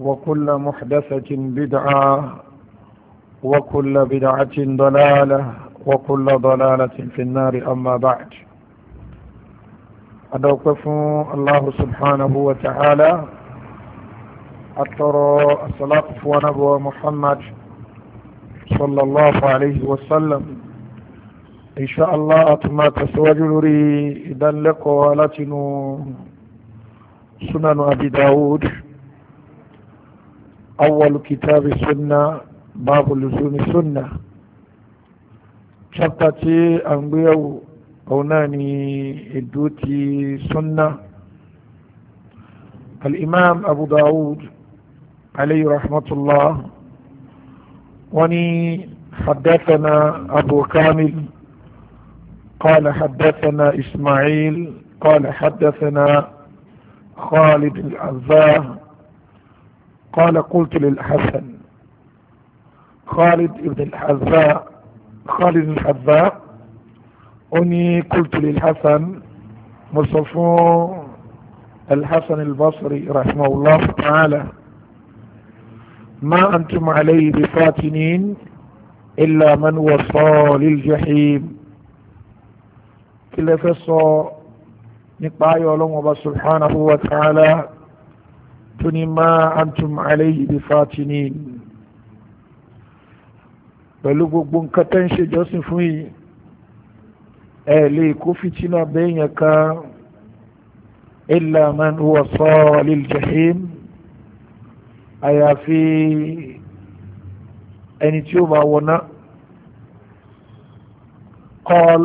وكل محدثة بدعة وكل بدعة ضلالة وكل ضلالة في النار أما بعد أدوقف الله سبحانه وتعالى أترى الصلاة ونبوة محمد صلى الله عليه وسلم إن شاء الله أتما تسوجل ري إذا لقوا لتنو سنن أبي داود أول كتاب السنة باب لزوم السنة شبتتي أنبيو أوناني الدوتي سنة الإمام أبو داود عليه رحمة الله وني حدثنا أبو كامل قال حدثنا إسماعيل قال حدثنا خالد العزاه قال قلت للحسن خالد بن الحذاء خالد الحذاء أني قلت للحسن مصطفى الحسن البصري رحمه الله تعالى ما أنتم عليه بفاتنين إلا من وصى للجحيم كلا فصى نقطع يولوم الله سبحانه وتعالى tó ní ma antum alayhi bi fatinin pẹ̀lú gbogbo nǹkan tẹ́ ń ṣe jọ́sìn fún yìí ẹ lè kó fìtínà bẹ́yẹn ká illa man huwa salil jahim àyàfi ẹni tí ó bá wọná qal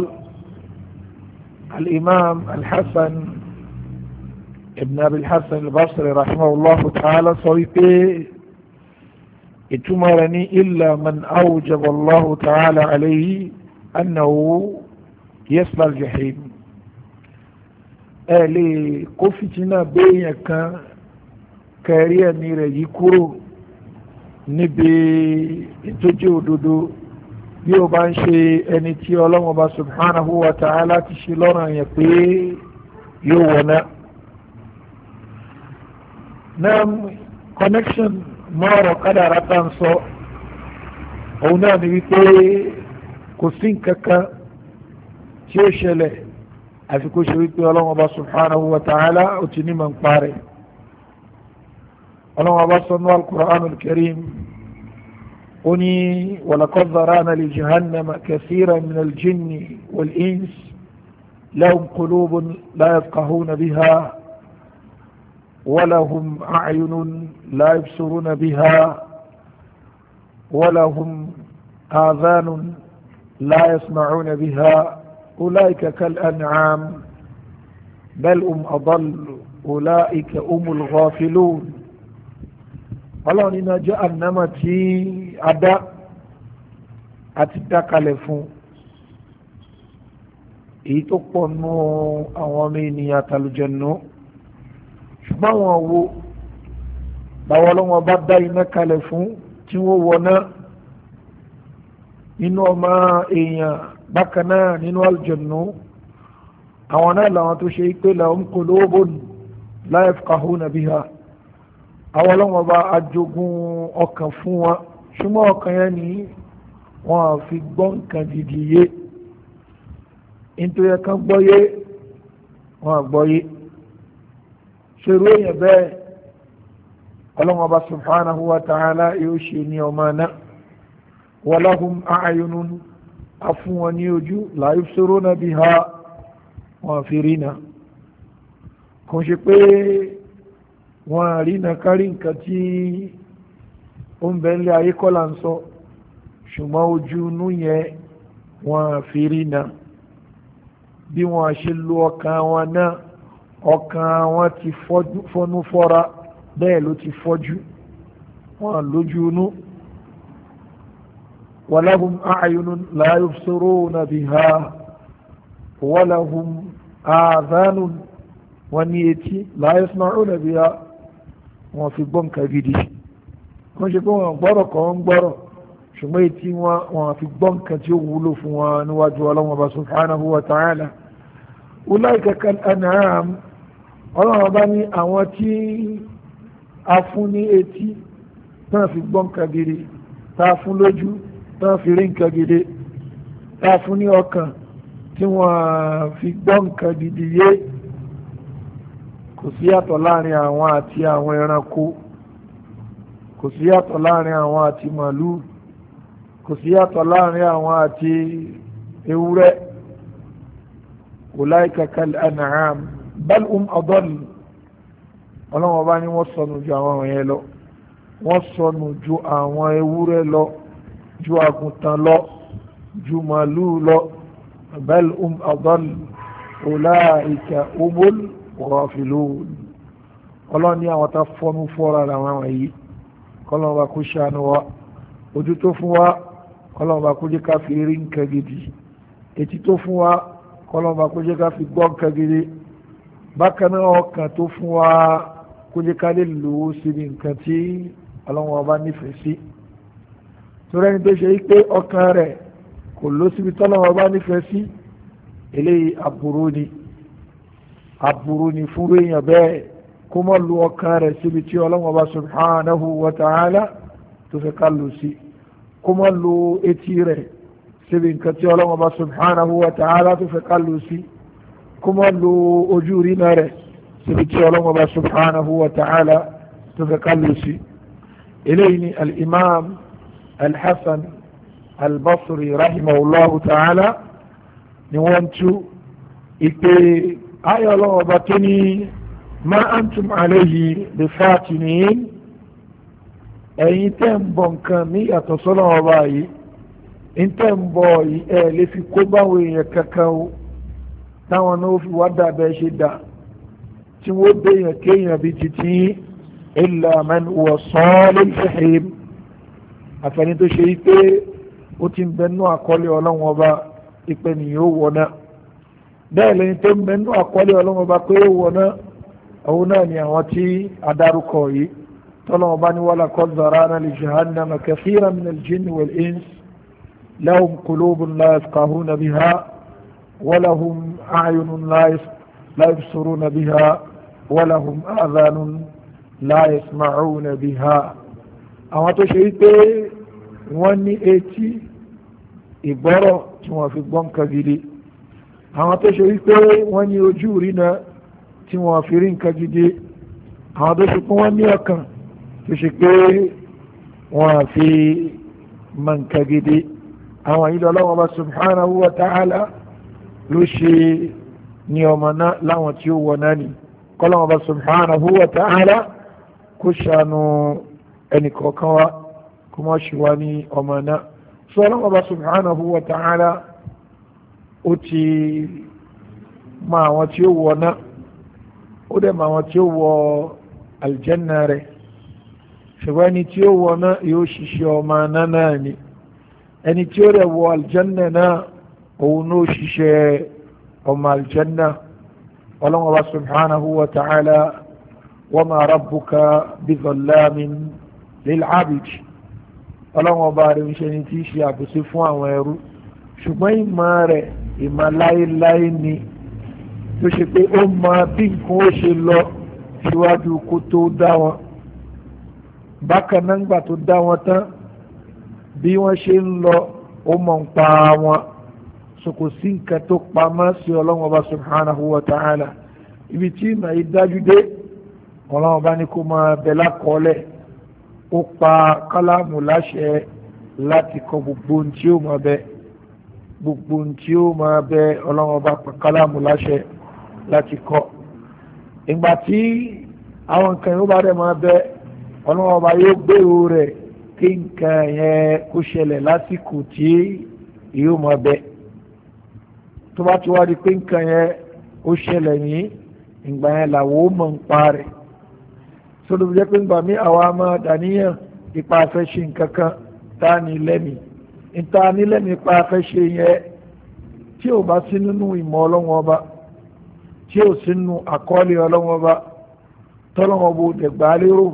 al-imam al-hasan. al imam ابن abil الحسن البصري رحمه الله تعالى صويبي wípé ìtumọ̀ من ní الله تعالى عليه Allahu ta'ala alayhi annahu yasla al-jahim ẹ lè kó fìtínà béèyàn kan kẹrí ẹ̀mí rẹ̀ yí kúrò níbi ìtọ́jú òdodo bí o bá ń ṣe ẹni tí Ọlọ́hun subhanahu wa ta'ala ti ṣe lọ́rọ̀ yẹn pé yóò wọ̀nà náà connection mọ́ọ̀rọ̀ kádàrá tá ń sọ òun náà ni wípé kò sí nǹkan kan tí ó ṣẹlẹ̀ àfi kó ṣe wípé ọlọ́wọ́n bá subhanahu wa ta'ala ó ti ní mọ̀ ń parẹ́ ọlọ́wọ́n bá sọ ní al-Qur'an al ó ní wa laqad dhara'na li jahannama kathiran jinni wal-ins lahum qulubun la yafqahuna biha. ولهم أعين لا يبصرون بها ولهم آذان لا يسمعون بها أولئك كالأنعام بل هم أضل أولئك هم الغافلون ọlọ́run nínú ọjọ́ ànámọ̀ tí a dá àti dákalẹ̀ fún èyí ṣùgbọ́n wọn wo báwọn ọlọ́wọ́n bá dá iná kalẹ̀ fún tí wọ́n wọná nínú ọmọ èèyàn bákan náà nínú àlùjànnú àwọn náà làwọn tó ṣe pé làwọn kò lóbò la yafqahuna biha àwọn ọlọ́wọ́n bá ajogun ọkàn fún wọn ṣùgbọ́n ọkàn yẹn ni wọn à fi gbọ́ nǹkan gidi yé nítorí ẹ̀ka gbọ́ yé wọn gbọ́ yé ṣerú èèyàn bẹ́ẹ̀ ọlọ́run ọba subhanahu wa ta'ala yóò ṣe ní ọmọ náà walahum a'yunun afún wọn ní ojú la yubsiruna biha wọn fi rí náà kò ṣe pé wọn rí náà kárí nǹkan tí ó ń bẹ nílé ayé kọ́là ń sọ ṣùgbọ́n ojú inú yẹn wọn fi rí náà bí wọn ṣe lo ọkàn wọn náà ọkàn wọn ti fọnú fọ́ra bẹ́ẹ̀ ló ti fọ́jú wọn lójú inú walahum a'yunun la yubsiruna biha walahum adhanun wọn ní etí la yasma'una biha wọn fi gbọ́ nǹkan gidi wọ́n ṣe pé wọn gbọ́rọ̀ kọ́ ń gbọ́rọ̀ ṣùgbọ́n etí wọn fi gbọ́ nǹkan tí ó wúlò fún wọn níwájú ọlọ́wọ́n bá subhanahu wa ta'ala ulaika kal an'am ọlọ́run ọba ní àwọn tí a fún ní etí náà fi gbọ́ nǹkan gidi tá a fún lójú náà fi rí nǹkan gidi tá a fún ní ọkàn tí wọ́n fi gbọ́ nǹkan gidi yé kò sí yàtọ̀ láàrin àwọn àti àwọn ẹranko kò sí yàtọ̀ láàrin àwọn àti màlúù kò sí yàtọ̀ láàrin àwọn àti ewúrẹ́ ulaika kal an'am bal um adọ́lì ọlọ́wọ́n bá ní wọ́n sọnù ju àwọn ọ̀rọ̀ yẹn lọ wọ́n sọnù ju àwọn ewúrẹ́ lọ ju àgùntàn lọ ju màlúù lọ bal um adọ́lì ọláìkà umul ghafilun ọlọ́run ní àwọn tá fọ́nú fọ́ra làwọn àwọn yìí kọ́lọ́run bá kó ṣàánú wa ojú tó fún wa kọ́lọ́run bá kó jẹ́ ká fi rí nǹkan gidi etí tó fún wa kọ́lọ́run bá kó jẹ́ ká fi gbọ́ nǹkan gidi bákan náà ọkàn tó fún wa kólékalẹ̀ lò ó sí ní nǹkan tí ọlọ́run ọba nífẹ̀ẹ́ sí torí ẹni tó ṣe yí pé ọkàn rẹ̀ kò lọ síbi tọ́lọ́run ọba nífẹ̀ẹ́ sí eléyìí aburú ni aburú ni fúnrú èèyàn bẹ́ẹ̀ kó mọ̀ lu ọkàn rẹ̀ síbi tí ọlọ́run ọba subhanahu wa ta'ala tó fẹ́ ká lò sí kó mọ̀ lu etí rẹ̀ síbi nǹkan tí ọlọ́run ọba subhanahu wa ta'ala tó fẹ́ ká lò sí kó mọ́ lo ojú rí náà rẹ̀ síbi tí ọlọ́run ọba subhanahu wa ta'ala tó fẹ́ ká lò sí eléyìí ni al-imam al-hasan al-basri rahimahullahu ta'ala ni wọ́n tú ìpè ayé ọlọ́run ọba tó ní ma antum alayhi bi fatinin ẹ̀yin tẹ́ ń bọ nǹkan ní yàtọ̀ sọ́nà ọba yìí ń tẹ́ ń bọ ẹ̀ lè fi kó báwo èèyàn kankan o táwọn náà fi wá dàbẹ́ ṣe dà tí wọ́n déyàn kéèyàn bíi títí illa man huwa salil jahim àfẹ́ni tó ṣe pé ó ti ń bẹnú àkọọ́lẹ̀ ọlọ́run ọba ìpè nìyẹn ó wọ̀ náà bẹ́ẹ̀ lẹ́yìn tó ń bẹnú àkọọ́lẹ̀ ọlọ́run ọba pé ó wọ̀ náà òun náà ni àwọn tí adarúkọ yìí tọ́lọ́run ọba ní wàlá kọ́ zarana li jahannama kathira min al-jinni wal-ins lahum qulubun la yafqahuna ولهم أعين لا يبصرون بها ولهم آذان لا يسمعون بها àwọn tó ṣe wípé wọ́n ní etí ìgbọ́rọ̀ tí wọ́n fi gbọ́ nǹkan gidi àwọn tó ṣe wípé wọ́n ní ojú ìrìnà tí wọ́n fi rí nǹkan gidi àwọn tó ṣe pé wọ́n ní ọkàn tó ṣe pé wọ́n fi mọ nǹkan gidi àwọn ìlú ọlọ́wọ́n bá subhanahu wa ta'ala ló ṣe ní ọmọ náà láwọn tí ó wọ náà ni kọ́lọ́mọ bá subhanahu wa ta'ala kó ṣàánú ẹnìkọ̀ọ̀kan wa kó mọ́ ṣe wá ní ọmọ náà sọ́lọ́mọ bá subhanahu wa ta'ala ó ti mọ àwọn tí ó wọ náà ó dẹ̀ mọ àwọn tí ó wọ aljanna rẹ̀ ṣùgbọ́n ẹni tí ó wọ náà yóò ṣiṣẹ́ ọmọ náà náà ni ẹni tí ó rẹ̀ wọ aljanna náà òun ló ṣiṣẹ́ ọmọ aljanna ọlọ́wọ́n wa subhanahu wa ta'ala wa ma rabbuka bi dhallamin lil abid ọlọ́wọ́n bá rẹ̀ ń ṣe ni tí í ṣe àbùsí fún àwọn ẹrú ṣùgbọ́n ìmọ̀ rẹ̀ ìmọ̀ láéláé ni tó ṣe pé ó mọ bí nǹkan ó ṣe lọ síwájú kó tó dá wọn bákan náà ńgbà tó dá wọn tán bí wọ́n ṣe ń lọ ó mọ̀ ń pa wọn sòkò sí nǹkan tó pamọ́ sí ọlọ́run ọba subhanahu wa ta'ala ibi tí màá dájú dé ọlọ́run ọba ní kó máa bẹ lákọọ́lẹ̀ ó pa kálámù láṣẹ láti kọ gbogbo ohun tí ó máa bẹ gbogbo ohun tí ó máa bẹ ọlọ́run ọba pa kálámù láṣẹ láti kọ ìgbà tí àwọn nǹkan yóò bá rẹ̀ máa bẹ ọlọ́run ọba yóò gbèrò rẹ̀ kí nǹkan yẹn kó ṣẹlẹ̀ lásìkò tí yóò máa bẹ tó bá ti wá di pé nǹkan yẹn ó ṣẹlẹ̀ yìí ìgbà yẹn làwọ̀ ó mọ̀ ń parẹ́ sódò jẹ́ pé ńgbà mí àwa máa dàníyàn ipa afẹ́ ṣe nǹkan kan tá a ní lẹ́mìí ìta ní lẹ́mìí ipa afẹ́ ṣe yẹn tí ò bá sí nínú ìmọ̀ ọlọ́wọ́n ọba tí ò sí nínú àkọọ́lẹ̀ ọlọ́wọ́n ọba tọ́lọ́wọ́n bó dẹ̀gbà lérò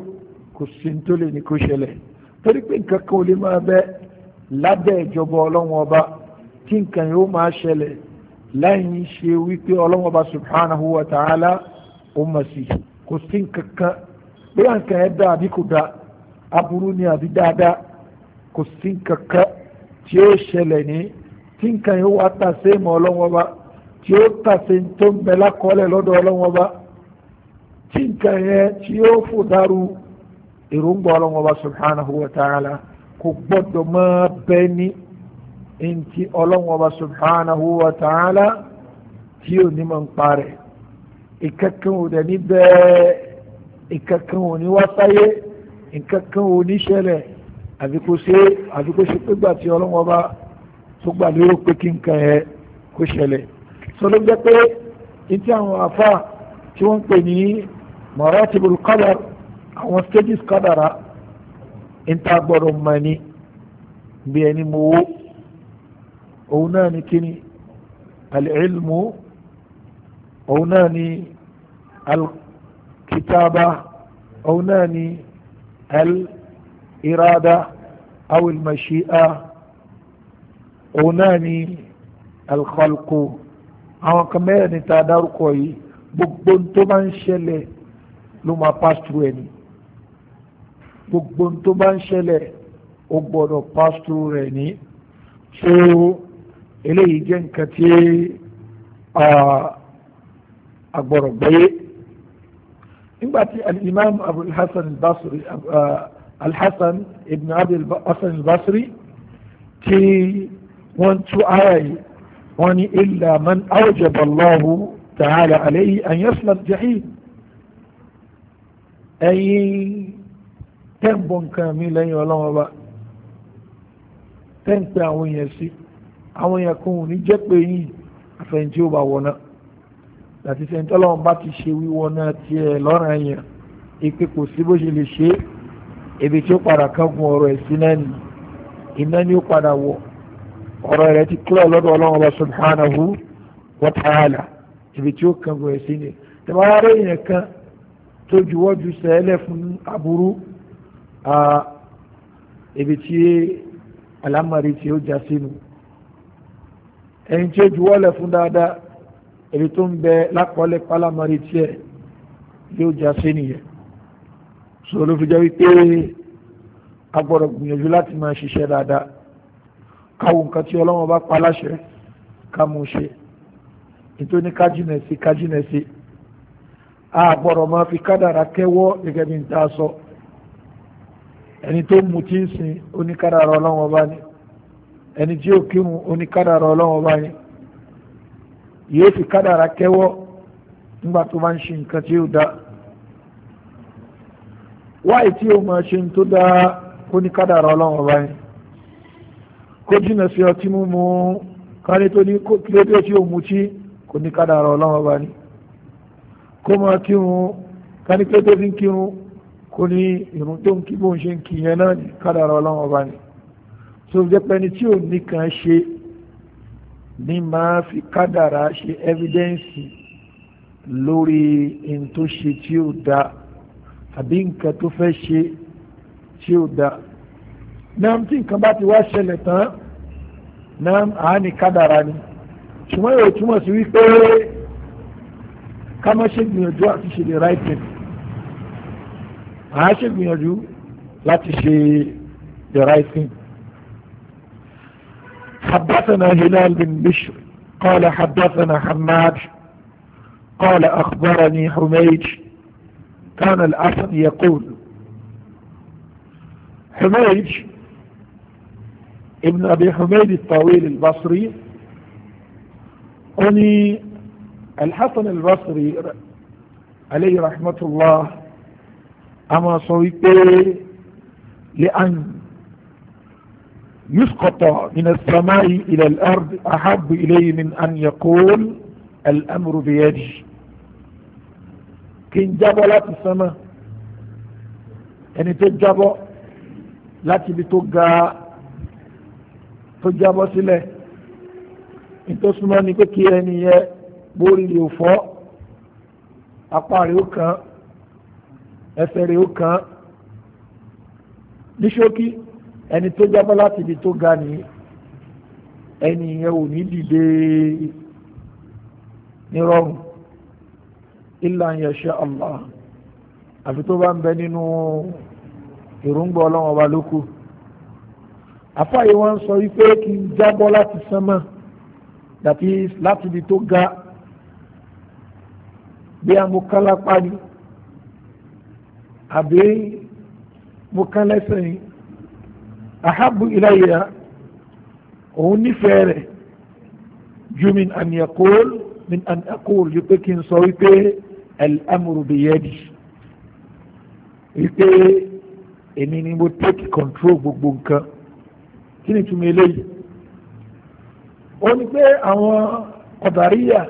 kò sí ní tó lè ní kó ṣẹlẹ̀ torí pé nǹkan kan ò lè máa bẹ lábẹ́ ìjọba ọlọ́wọ́n ọba tí nǹkan yóò máa ṣẹlẹ̀ láyìn ṣe wípé ọlọ́wọ́ bá subhanahu wa ta'ala ó mọ̀ sí kò sí kankan pé à ń kàn ẹ́ dá àbí kò dá aburú ni àbí dáadáa kò sí kankan tí ó ṣẹlẹ̀ ní tí nǹkan yóò wá tà sí ìmọ̀ ọlọ́wọ́ bá tí ó tà sí tó ń bẹ lákọọ́lẹ̀ lọ́dọ̀ ọlọ́wọ́ tí nǹkan yẹn tí ó fò dárú èròǹgbà ọlọ́wọ́ subhanahu wa ta'ala kò gbọ́dọ̀ máa bẹ ní ntí ọlọ́run ọba subhanahu wa ta'ala tí ò ní máa ń parẹ́ ìkankan ò dẹ̀ ní bẹ́ẹ̀ ìkankan ò ní wá sáyé ìkankan ò ní ṣẹlẹ̀ àbíkó ṣe àbíkó ṣe pé gbà tí ọlọ́run ọba tó gbà lérò pé kí nǹkan yẹn kó ṣẹlẹ̀ sọ ló jẹ́ pé afa tí wọ́n ń pè maratibul qadar àwọn stages qadara ń ta gbọ́dọ̀ mọ̀ ní bí òun náà ni kíni alìlmù òun náà ni alkitaba òun náà ni alirada awilmashi'a òun náà ni alkhalqu àwọn kan mẹ́rin ni dárúkọ yìí gbogbo tó bá ń ṣẹlẹ̀ ló máa pass ẹni gbogbo tó bá ń ṣẹlẹ̀ ó gbọ́dọ̀ pass rẹ̀ ní إليه جنكتي أكبر ربي إن باتي الإمام أبو الحسن البصري الحسن ابن أبي الحسن البصري تي وانتو آي واني إلا من أوجب الله تعالى عليه أن يصل الجحيم أي تنبون كاملين ولا ما تنتعون يسيب àwọn èèyàn kan ò ní jẹ́ pé yín àfẹ̀yìntì ó bá wọná àti sẹ́ńtọ́lọ́wọ́n bá ti ṣe wíwọná tiẹ̀ lọ́rùn ẹ̀yàn ìpè kò sí bó ṣe lè ṣe é ebi tí ó padà kángun ọ̀rọ̀ ẹ̀sìn náà ni iná ni ó padà wọ̀ ọ̀rọ̀ rẹ̀ ti kílọ̀ lọ́dọ̀ ọlọ́run ọba subhanahu wa ta'ala ibi tí ó kángun ẹ̀sìn ni tẹ̀wárẹ́ yẹn kan tó juwọ́jú sẹ́lẹ̀ fún aburú ibi tí alámàrí tí ó já sínú ẹni tí ó juwọ́lẹ̀ fún dáadáa èyí tó ń bẹ lákọọ́lẹ̀ pálámọ́rí tiẹ̀ yóò já sí nìyẹn sọ ló fi jẹ́ wípé a gbọ́dọ̀ gbìyànjú láti máa ṣiṣẹ́ dáadáa káwọn nǹkan tí ọlọ́wọ́n bá pa láṣẹ ká mú ṣe ètò ní kájínẹ̀sí kájínẹ̀sí a gbọ́dọ̀ máa fi kádàrà kẹ́wọ́ gẹ́gẹ́ bí n ta sọ ẹni tó mutí sìn oníkádàrà ọlọ́wọ́n bá ní ẹni tí ó kírun oníkádàrà ọlọ́wọ́ báyìí yóò fi kádàrà kẹ́wọ́ nígbà tó bá ń ṣe nǹkan tí ó da wáyé tí ó máa ṣe tó da oníkádàrà ọlọ́wọ́ báyìí kó jìnnà sí ọtí mímu kárí tó ní kílódé tí ó mutí kò ní kádàrà ọlọ́wọ́ báyìí kó máa kírun kárí kílódé tí ń kírun kò ní ìrùn tó ń kí bóun ṣe ń kì yẹn náà ní kádàrà ọlọ́wọ́ báyìí tó jẹ́ pé ni tí ò ní kan ṣe ní máa fi kádàrá ṣe ẹ́fídẹ́ǹsì lórí in tó ṣe tí ó da àbí nǹkan tó fẹ́ ṣe tí ó da náà tí nǹkan bá ti wá ṣẹlẹ̀ tán náà àá ní kádàrá ni ṣùgbọ́n yóò túmọ̀ sí wípé ká má ṣe gbìyànjú àti ṣe the right thing àá ṣe gbìyànjú láti ṣe the right thing. حدثنا هلال بن بشر قال حدثنا حماد قال أخبرني حميد كان الأسد يقول حميد ابن أبي حميد الطويل البصري أني الحسن البصري عليه رحمة الله أما صويته لأن يسقط من السماء إلى الأرض أحب إليه من أن يقول الأمر بيدي kí n jábọ́ láti sánmà ẹni tó jábọ́ láti ibi tó ga tó jábọ́ sílẹ̀ nítòsúnmọ́ ni pé kí ẹni yẹ borí rè ó fọ́ apá rè ó kàn ẹsẹ̀ rè ó kàn ní ṣókí ẹni tó jábọ́ láti ibi tó ga ni ẹni yẹn ò ní dìde ní rọrùn illa an yasha Allah àfi tó bá ń bẹ nínú èròǹgbà ọlọ́wọ́n ọba lóko àfáàyè wọn sọ wípé kí n jábọ́ láti sánmà dàbí láti ibi tó ga bí amúkálápá ni àbí mú kán lẹ́sẹ̀ ahabu ilayya òun nífẹ̀ẹ́ rẹ̀ ju min an yaqul min an aqul ju pé kí n sọ wípé al-amru biyadi wípé èmi ni mo take control gbogbo nǹkan kí ni túmọ̀ eléyìí ó ní pé àwọn ọ̀dàríyà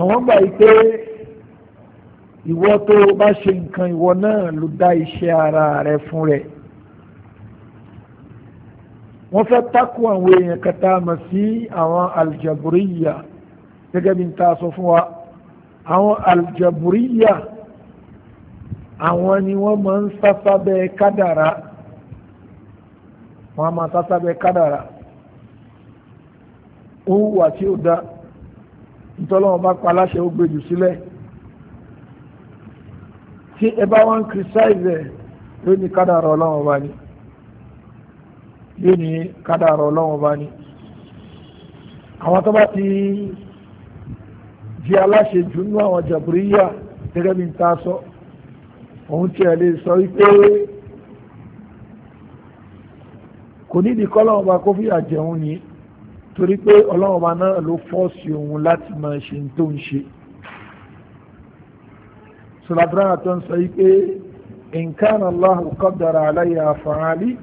àwọn gbà yìí ìwọ tó bá ṣe nǹkan ìwọ náà ló dá iṣẹ́ ara rẹ fún rẹ̀ wọ́n fẹ́ takò àwọn èèyàn kẹta mọ̀ sí àwọn aljaburiya gẹ́gẹ́ bí n ta sọ fún wa àwọn aljaburiya àwọn ni wọ́n máa ń sáfábẹ́ kádàrá wọ́n máa sáfábẹ́ kádàrá ó wà tí ó dá ntọ́lọ́wọ́n bá pa aláṣẹ ó gbèjù sílẹ̀ tí ẹ bá wọn kìrìsáìzẹ̀ ló ní kádàrá ọlọ́wọ́n bá ní yóò ní kádàrọ̀ ọlọ́wọ́n bá ní àwọn tó bá ti di aláṣẹ jù nínú àwọn jàbúríyà gẹ́gẹ́ bí n ta sọ òun tiẹ̀ lè sọ wípé kò nídìí kọ́ ọlọ́wọ́n bá kó fìyà jẹun ni torí pé ọlọ́wọ́n bá náà ló fọ́ọ̀sì òun láti máa ṣe tó ń ṣe sọlá tó ń sọ wípé in kana Allahu qaddara alayya fa'ali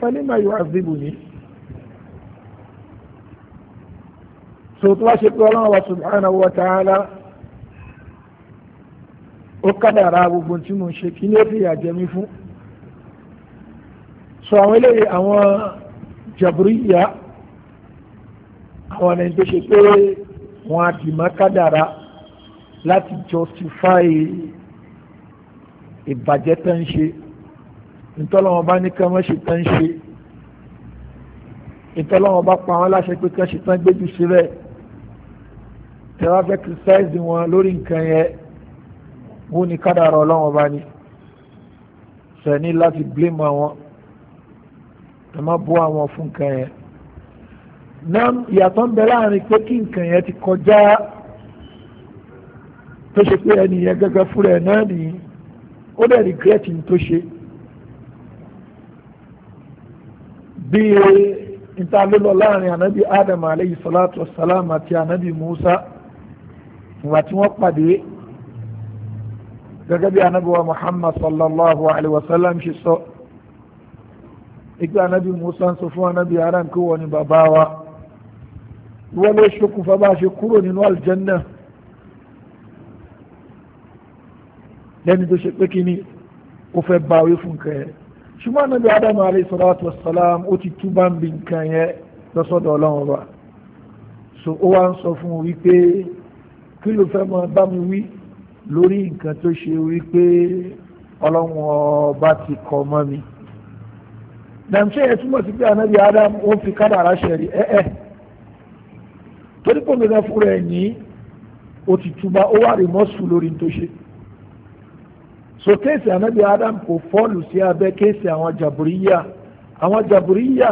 falima yu'adhibuni so tó wá ṣe pé ọlọ́run wa subhanahu wa ta'ala ó kádàrá gbogbo tí mo ń ṣe kí ni ó fi yà jẹ mí so àwọn eléyìí àwọn jaburiya àwọn ẹni tó ṣe pé wọn á dì má kádàrá láti justify ìbàjẹ́ tó ń ṣe ìtọ́lọ́wọ́n bá ní kẹ́mọ́ ṣe tán ṣe ìtọ́lọ́wọ́n bá pa wọn láṣẹ pé kán ṣe tán gbéjú sílẹ̀ tẹ́wọ́n fẹ́ kírísítáìsì wọn lórí nǹkan yẹn wọ́n ní kádàrá ọlọ́wọ́n bá ní sẹ́ni láti blame àwọn ẹ má bọ́ àwọn fún nǹkan yẹn náà ìyàtọ̀ ń bẹ láàrin pé kí nǹkan yẹn ti kọjá tó ṣe pé ẹnìyẹn gẹ́gẹ́ fúnra ẹ̀ náà nìyí ó dẹ̀ regret ní tó ṣe. bí ìtàlélọ láàrin ànábì adam aleyhi salatu wasalam àti ànábì musa ìgbà tí wọ́n pàdé gẹ́gẹ́ bí ànábì wa muhammad sallallahu alayhi wa sallam ṣe sọ ìgbà ànábì musa ń sọ fún ànábì adam kí wọ́n ní bàbá wa wọ́n ló ṣokùnfà bá ṣe kúrò nínú aljanna lẹ́ni tó ṣe pé kí ni ó fẹ́ báwí fún kẹ́ẹ̀ ṣùgbọ́n nàbí adamu alayhi salatu wa salam ó ti túbà ń bi nǹkan yẹn lọ́sọ̀dọ̀ ọlọ́run ọba so ó wá ń sọ fún un wípé kí ló fẹ́ máa bá mi wí lórí nǹkan tó ṣe wípé ọlọ́run ti kọ́ mọ́ mi nàìjíríà yẹn túmọ̀ sí pé anabi adam ó fi kádàrá ṣẹ̀rí ẹ̀ẹ́ torí pé òmìnira fúnra ẹ̀ ní ó ti túbà ó wà rìmọ́sù lórí tó ṣe so kéèsì anabi adam kò fọ́ọ̀lù sí abẹ́ kéèsì àwọn jàbùríyà àwọn jàbùríyà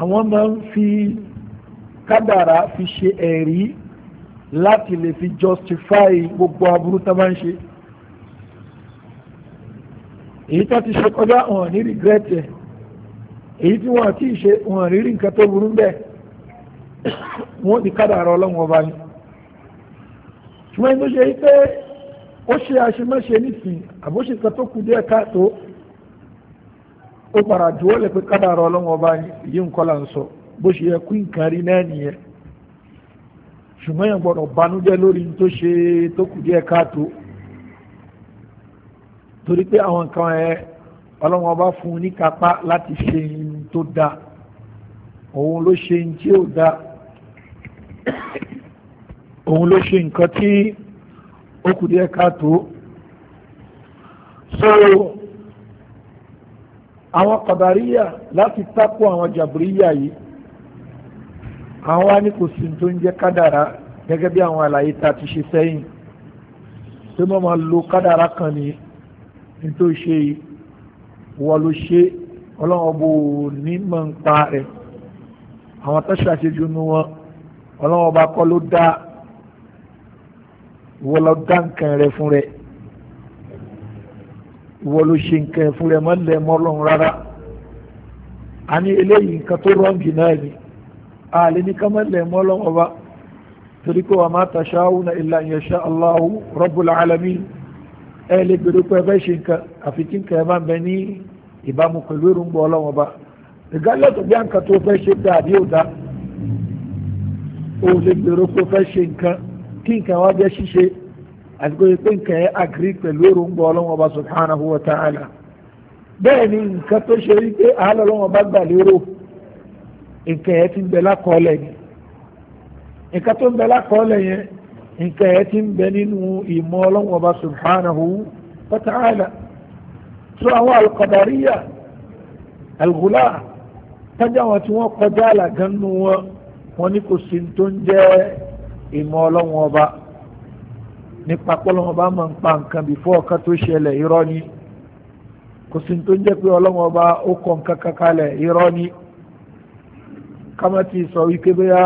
àwọn máa ń fi kádàrá fi ṣe ẹ̀rí láti lè fi justify gbogbo aburú tá a bá ń ṣe èyí tó ti ṣe kọjá wọn ní regret ẹ èyí tí wọn àti ìṣe wọn rírí nǹkan tó burú bẹ́ẹ̀ wọn ò ní kádàrá ọlọ́run ọba ni ṣùgbọ́n ẹni ṣe yí pé ó ṣe àṣemáṣe nísìn àbóṣe kan tó kù díẹ̀ káàtó ó padà dúró lè pé kádàrá ọlọ́wọ́n ọba yìí ń kọ́là ń sọ bó ṣe yẹ kú nǹkan rí náà nìyẹn ṣùgbọ́n yẹn gbọ́dọ̀ banújẹ́ lórí tó ṣe tó kù díẹ̀ káàtó torí pé àwọn nǹkan ẹ ọlọ́wọ́n ọba fún un ní kápá láti ṣe ohun tó dáa òun ló ṣe ohun tí ò dáa òun ló ṣe nǹkan tí ó kù díẹ̀ káàtó so àwọn kàdàríyà láti tako àwọn jàbúríyà yìí àwọn wa ní kò sí tó ń jẹ́ kádàrá gẹ́gẹ́ bí àwọn àlàyé ta ti ṣe sẹ́yìn pé wọ́n máa lo kádàrá kan ní nítorí ṣe wọ́n ló ṣe ọlọ́run ọbọ̀ ní mọ̀ ń pa rẹ̀ àwọn tó ṣàṣejù nu wọn ọlọ́run ọba kọ́ ló dá ìwọ ló dá nǹkan rẹ fún rẹ ìwọ ló ṣe nǹkan fún rẹ mọ́lẹ̀ mọ́lọ́run rárá a ní eléyìí nǹkan tó rọ́ǹgì náà ni a lè ní ká mọ́lẹ̀ mọ́lọ́run ọba torí pé wa ma tasha'una illa an yasha Allahu rabbul alamin ẹ lè gbèrú pé ẹ fẹ́ ṣe nǹkan àfi tí nǹkan ẹ bá ń bẹ ní ìbámu pẹ̀lú èròǹgbà ọlọ́run ọba ìgbàlẹ̀ tó bí àǹkà tó fẹ́ ṣe dáa bí ó dáa ó lè gbèrú pé ó fẹ́ ṣe nǹkan kí nǹkan wá jẹ́ ṣíṣe àti kò yẹ pé nǹkan yẹn agiri pẹ̀lú èròǹgbà ọlọ́wọ́n ọba subhanahu wa ta'ala bẹ́ẹ̀ ni nǹkan tó ṣe rí pé àálọ́ ọlọ́wọ́n ọba gbà lérò nǹkan yẹn ti ń bẹ lákọọ́lẹ̀ ni nǹkan tó ń bẹ lákọọ́lẹ̀ yẹn nǹkan yẹn ti ń bẹ nínú ìmọ̀ ọlọ́wọ́n ọba subhanahu wa ta'ala tó àwọn alqadariya alghula tájà wọn tí wọ́n kọjá àlàgán nu wọn wọn ní kò sí tó ń jẹ́ ìmọ̀ ọlọ́run ọba nípa pọ́lọ́run ọba máa ń pa nǹkan before ọ̀kan tó ṣẹlẹ̀ irọ́ ni kò sí tó ń jẹ́ pé ọlọ́run ọba ó kọ nǹkan kankalẹ̀ irọ́ ni kámá ti sọ wípé bóyá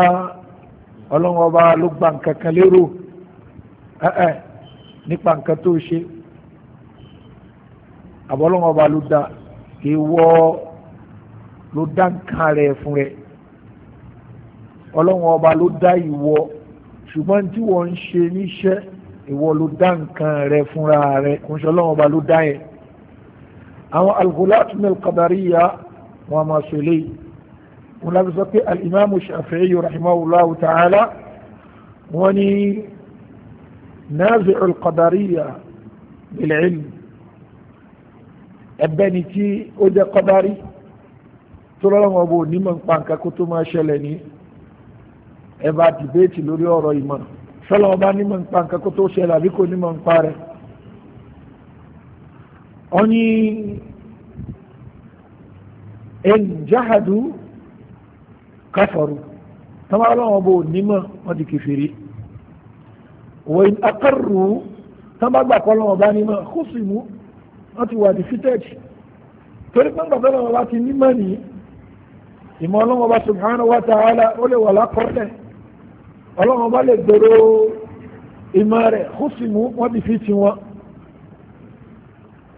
ọlọ́run ọba ló gba nǹkan kan lérò ẹ̀ẹ́ nípa nǹkan tó ṣe àbọ̀lọ́run ọba ló da ìwọ ló dá nǹkan rẹ̀ fún rẹ̀ ọlọ́run ọba ló dá ìwọ ṣùgbọ́n tí wọ́n ń ṣe níṣẹ́ ìwọ ló dá nǹkan rẹ fúnra rẹ kò ń ṣe ọlọ́run ọba ló dá yẹn àwọn al-ghulat min al-qadariyya wọn máa ṣe léyìí wọn lábẹ́ sọ pé al-imam shafi'i rahimahullahu ta'ala wọn ni nazi'u al-qadariyya bil-ilm ni tí ó jẹ́ qadari tó lọ́wọ́ bò ní mọ̀ nǹkan kó tó máa ṣẹlẹ̀ ní ẹ bá dìbéètì lórí ọ̀rọ̀ ìmọ̀ sọ́lọ́ ọba nímọ̀ nípa nǹkan kó tó ṣẹlẹ̀ àbí kò nímọ̀ nípa rẹ̀ ọ ní ẹnjáhadù káfọ̀rù tọ́wọ́ ọlọ́wọ́ bò nímọ̀ wọ́n ti kẹfìrí wọ́n akẹ́rù tọ́wọ́ gbà kọ́ ọlọ́wọ́ bá nímọ̀ kó sì mú wọ́n ti wà defeated torí pé ńgbàgbọ́ ọlọ́wọ́ bá ti nímọ̀ nìyí ìmọ̀ ọlọ́wọ́ bá subhanahu wa ta'ala ó lè wà lákọ́ọ́lẹ̀ ọlọ́run bá lè gbèrò ìmọ̀ rẹ̀ khusimu wọ́n ti fi ti wọn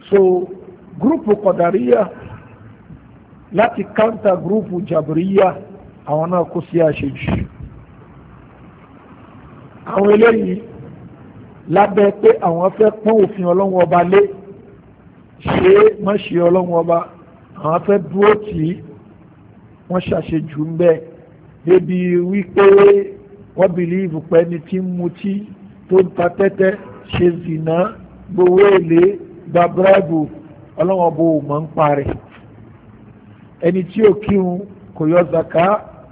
so gúrùpù kọ̀dàríyà láti káńtà gúrùpù jàbìríyà àwọn náà kó sí àṣejù àwọn eléyìí lábẹ́ pé àwọn fẹ́ pọ́n òfin ọlọ́run ọba lé ṣe má ṣe ọlọ́run ọba àwọn fẹ́ dúró tì í wọ́n ṣàṣejù ń bẹ́ẹ̀ débi wípé wọ́n bìlíìfù pé ẹni tí ń mutí tó ń ta tẹ́tẹ́ ṣe zìnà gbowó èlé gba bíráìbù ọlọ́wọ́n bó o mọ̀ ń parẹ́ ẹni tí ò kírun kò yọ zaka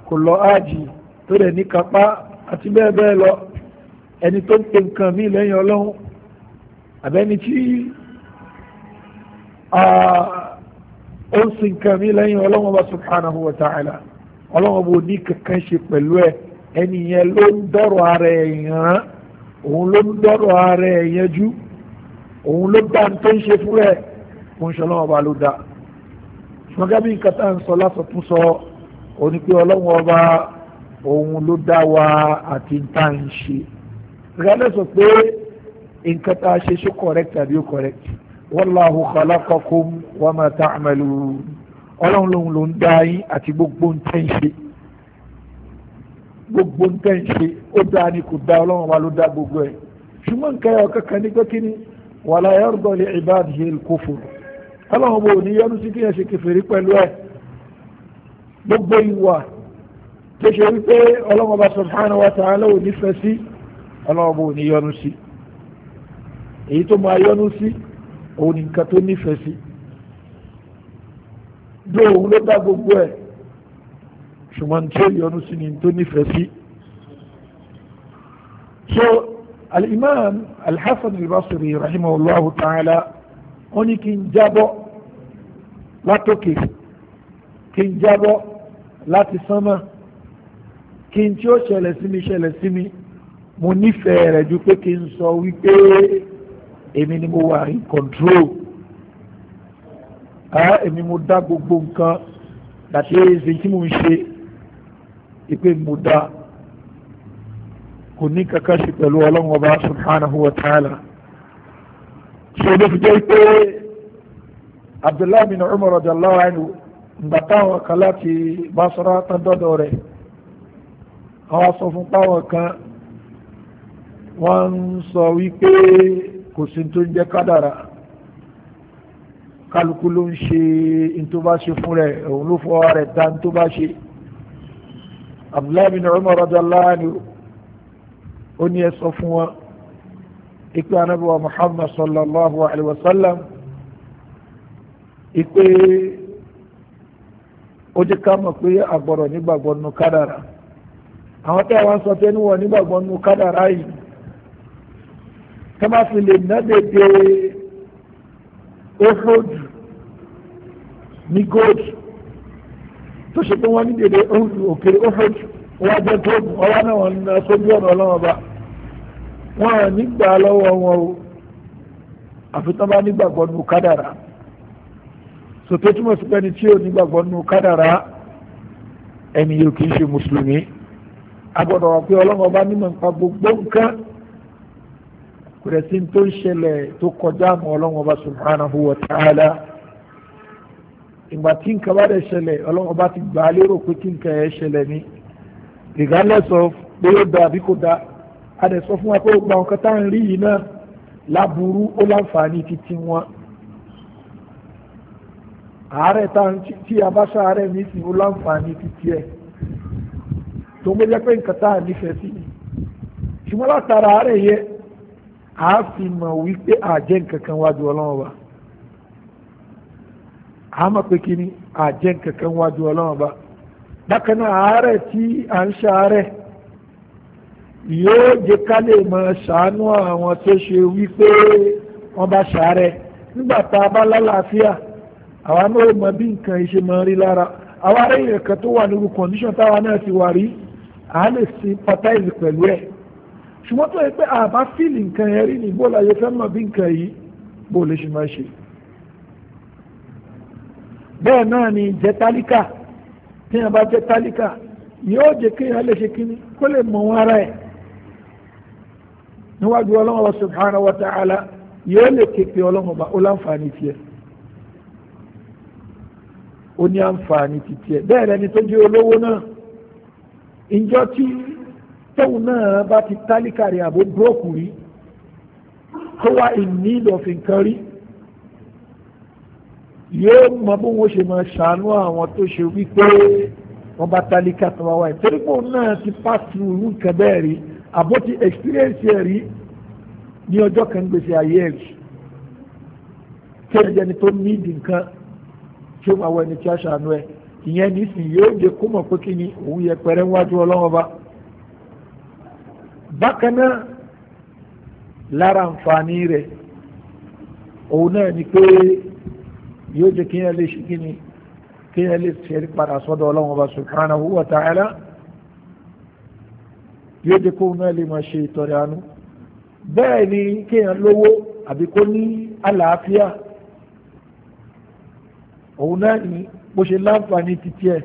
kò lọ áàjì tó rẹ̀ ní kápá àti bẹ́ẹ̀ bẹ́ẹ̀ lọ ẹni tó ń pe nǹkan mí lẹ́yìn ọlọ́run àbẹ́ni tí ó ń sin nǹkan mí lẹ́yìn ọlọ́run ọba subhanahu wa ta'ala ọlọ́run ọba ò ní kankan ṣe pẹ̀lú ẹ̀ ẹnìyẹn ló ń dọ̀rọ̀ ara èèyàn òun ló ń dọ̀rọ̀ ara èèyàn jú òun ló bá ń tó ń ṣe fúnra ẹ̀ fún ṣọlá ọba ló dá ṣùgbọ́n gábí nǹkan tá à ń sọ lásọtún sọ òní pé ọlọ́run ọba òun ló dá wa àti tá à ń ṣe rẹ́lẹ̀ sọ pé nǹkan tá a ṣe ṣó correct àbí ó correct wallahu khalaqakum wa ma ta'malun ọlọ́run lòun ló ń dá yín àti gbogbo ń tẹ́ ń ṣe gbogbo nǹkan ṣe ó dáa ni kò dá ọlọ́run wa ló dá gbogbo ẹ̀ ṣùgbọ́n nǹkan ẹ̀ ọ̀kan kan ní pé kíni wàlá yarda li ibadihi al-kufr ọlọ́run bò ní yọnu sí kíyàn ṣe kèfèrí pẹ̀lú ẹ̀ gbogbo ìwà tó ṣe wípé ọlọ́run ọba subhanahu wa ta'ala ò nífẹ̀ẹ́ sí ọlọ́run bò ní yọnu sí èyí tó máa yọnu sí òun nǹkan tó nífẹ̀ẹ́ sí ṣùgbọ́n tí ó yọnu sí ni tó nífẹ̀ẹ́ sí so al-imam al-hasan al-basri rahimahullahu ta'ala ó ní kí n jábọ́ látòkè kí n jábọ́ láti sánmà kí n tí ó ṣẹlẹ̀ sí mi ṣẹlẹ̀ sí mi mo nífẹ̀ẹ́ rẹ̀ ju pé kí n sọ wípé èmi ni mo wà in control ah, èmi mo dá gbogbo nǹkan dàtí èyí tí mo ń ṣe ìpè mo dá kò ní kankan ṣe pẹ̀lú ọlọ́run ọba subhanahu wa ta'ala ṣe ló fi jẹ́ pé abdullahi bin umar radiyallahu anhu ìgbà táwọn kan láti basra tán dọ́dọ̀ rẹ̀ àwọn sọ fún táwọn kan wọ́n sọ wípé kò sí tó ń jẹ́ kádàrà kálukú ló ń ṣe ní tó bá ṣe fún rẹ̀ òun ló fọwọ́ rẹ̀ dá ní tó bá ṣe abdullahi bin umar radiyallahu anhu ó ní ẹ sọ fún wọn ipe anabiwa muhammad sallallahu alaihi wa sallam ipe ó jẹ́ ká mọ̀ pé àgbọ̀rọ̀ nígbàgbọ́ nù kádàrà àwọn tí àwọn sọ tẹ́nu wọ̀ nígbàgbọ́ nù kádàrà yìí ká má lè ná dédé ó ní góòdù tó ṣe pé wọ́n ní dèdè òkèrè ófèjì wọ́n jẹ́ tóògùn ọwọ́ náà wọ́n ná sójú ọ̀nà ọlọ́wọ́n bá wọ́n à nígbà lọ́wọ́ wọn o àfi bá nígbàgbọ́ nù kádàrá sòtó túmọ̀ sí pẹ́ni tí ò nígbàgbọ́ nù kádàrá ẹni yóò kì í ṣe mùsùlùmí agbọ́dọ̀ wà pé ọlọ́wọ́n bá nímọ̀ nípa gbogbo nǹkan kò dẹ̀ sí ní tó ń ṣẹlẹ̀ tó kọjá àmọ́ ọlọ́wọ́n bá subhanahu wa ta'ala ìgbà tí nǹkan bá dẹ̀ ṣẹlẹ̀ ọlọ́run ọba ti gbà á lérò pé kí nǹkan ẹ̀ ṣẹlẹ̀ ni regardless of pé ó da àbí kò da a dẹ̀ sọ fún wa pé ó gba nǹkan táwọn rí yìí náà láburú ó láǹfààní títí wọn àárẹ̀ táwọn tí a bá ṣàárẹ̀ nísìnyí ó láǹfààní títí ẹ̀ tó ń gbé jẹ́ pé nǹkan táwọn nífẹ̀ẹ́ sí ni ṣùgbọ́n látara àárẹ̀ yẹ àá fi mọ̀ wípé àjẹ́ nǹkan kan wájú ọlọ́run wa àmọ́ pé kí ni àjẹ́ kankan wájú ọlọ́run bá bákan náà àárẹ̀ tí à ń ṣàárẹ̀ yóò jẹ ká lè mọ ṣàánú àwọn tó ṣe wípé wọ́n bá ṣàárẹ̀ nígbà tá a bá lálàáfíà àwa náà mọ bí nǹkan ìṣe máa ń rí lára àwa ará èèyàn kan tó wà nínú condition táwa náà ti wà rí à lè sympathize pẹ̀lú ẹ̀ ṣùgbọ́n tó yẹ pé àbá fíìlì nǹkan yẹn rí ní bó fẹ́ mọ̀ bí nǹkan yìí bó lè ṣe máa ṣe bẹ́ẹ̀ náà ni jẹ́ tálíkà tí wọ́n bá jẹ́ tálíkà yóò jẹ́ kí wọ́n lè ṣe kíní kó lè mọ̀ wọn ara ẹ̀ níwájú ọlọ́wọ́ wa subhanahu wa ta'ala yóò lè képe ọlọ́wọ́ bá ó láǹfààní tiẹ̀ ó ní àǹfààní ti tiẹ̀ bẹ́ẹ̀ rẹ̀ ni tó jẹ́ olówó náà ìjọ tí tóun náà bá ti tálíkà rẹ̀ àbó búrọ́kù rí kó wá in need nǹkan rí yóò mọ bí wọ́n ṣe máa ṣàánú àwọn tó ṣe wípé wọ́n bá tálíkà tó wá wáyé torí pé òun náà ti pàṣẹ irú nǹkan rí àbó experience ẹ̀ rí ní ọjọ́ kan gbèsè ayé ẹ̀ rí tí ni tó ní ìdì nǹkan tí ó máa wọ ẹni tí a ṣàánú ẹ̀ ìyẹn nísìnyí yóò jẹ kó mọ̀ pé kí ni òun yẹ pẹ̀rẹ́ wájú ọlọ́wọ́n bá bákan náà lára àǹfààní rẹ̀ òun náà ni pé yóò jẹ́ kíyàn lè ṣe kíni kíyàn lè ṣẹ́rí padà sọ́dọ̀ ọlọ́run ọba subhanahu wa ta'ala yóò jẹ́ kóun náà lè máa ṣe ìtọrẹ àánú bẹ́ẹ̀ ni kíyàn lówó àbí kó ní àlàáfíà òun náà ni bó ṣe láǹfààní títí ẹ̀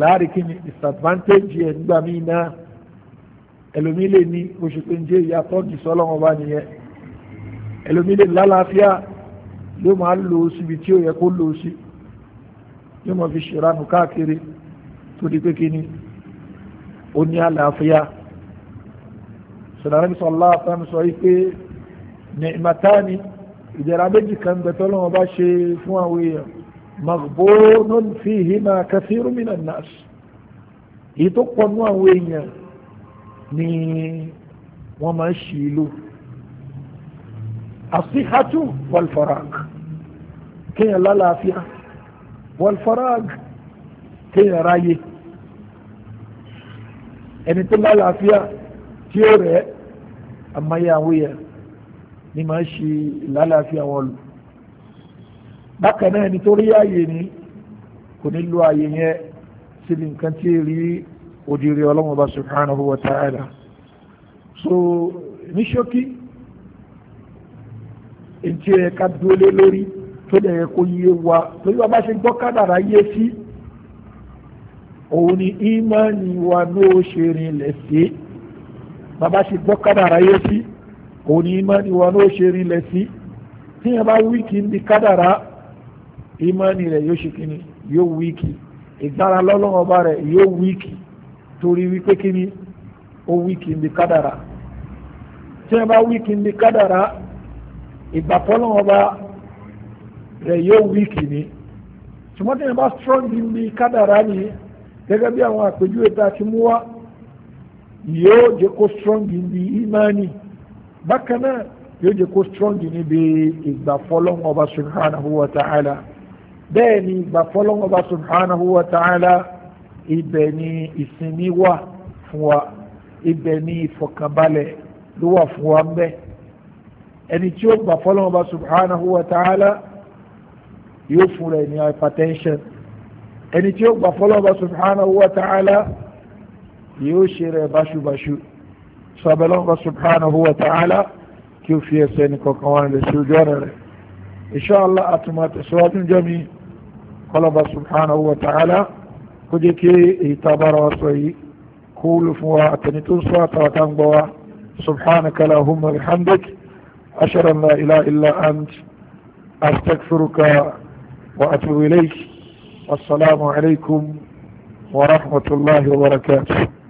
láàrin kíni disadvantage ẹ̀ nígbà míì náà ẹlòmí lè ní oṣù péńjé ìyàtọ̀ jù sọ́lọ́run ọba nìyẹn ẹlòmí lè lálàáfíà yóò máa lò ó síbi tí ó yẹ kó lò ó sí yóò máa fi ṣèrànù káàkiri tó di pé kíni ó ní àlàáfíà sọ̀rọ̀ sọ Allah àtàmì sọ yìí pé ní ìmàtáni ìjẹ̀rà méjì kan bẹ̀ tọ́lọ́wọ́n bá ṣe fún àwọn èèyàn magbónún fihima kathiru minan nas èyí tó pọnú àwọn èèyàn ni wọ́n máa ń ṣì í lò àṣìhàtú wal faraq kéèyàn lálàáfíà wọlfarag kéèyàn ráyè ẹni tó lálàáfíà tí ó rẹ̀ amáyáwóyà ni máa ṣe lálàáfíà wọn lò bákan náà ẹni tó rí ààyè ni kò ní lo ààyè yẹn síbi nǹkan tí rí òdìrí ọlọ́run ọba subhanahu wa ta'ala so ní ṣókí èyí tí ó yẹ ká dúró lé lórí. tó dẹ̀ yẹ kó yé wa torí wa bá ṣe gbọ́ kádàrá yé ni ìmánì wa ló ṣe rinlẹ̀ sí ṣe gbọ́ yé ni ìmánì wa ṣe sí tí yẹn bá wíkì ń bi kádàrá ìmánì rẹ̀ yóò ṣe kíni yóò wíkì ìgbára lọ́lọ́wọ́ rẹ̀ yóò wíkì torí wípé ó tí yẹn bá rẹ̀ yóò wíìkì ni ṣùgbọ́n tí yẹn bá strong níbi kádàrá ni gẹ́gẹ́ bí àwọn àpèjúwe tá a ti mú wá yóò jẹ́ kó strong níbi ìmánì bákan náà yóò jẹ́ kó strong níbi ìgbàfọ́lọ́wọ́ ọba subhanahu wa ta'ala bẹ́ẹ̀ ni ìgbàfọ́lọ́wọ́ ọba subhanahu wa ta'ala ibẹ̀ ni ìsinmi wà fún wa ibẹ̀ ni ìfọ̀kànbalẹ̀ ló wà fún wa ń ẹni tí ó gbàfọ́lọ́wọ́ ọba subhanahu wa ta'ala. yóò fún rẹ̀ ní hypertension ẹni tí ó gbà fọlọ́ba subhanahu wa ta'ala yóò ṣe rẹ̀ báṣubàṣu sọ̀bẹ̀lọ́ba subhanahu wa ta'ala kí ó fi ẹsẹ̀ ní kankan wọn lè ṣe ojú ọ̀rẹ́ rẹ̀ inshallah àtúmọ̀ tẹ̀síwájú jọ mi kọlọ́ba subhanahu wa ta'ala kó jẹ́ kí èyí tábára wa sọ yìí kó wúlò fún wa àtẹni tó ń sọ àtàwọn tá ń gbọ́ wa subhanaka lahumma bihamdik ashhadu an la ilaha illa ant astaghfiruka وأتوب إليك والسلام عليكم ورحمة الله وبركاته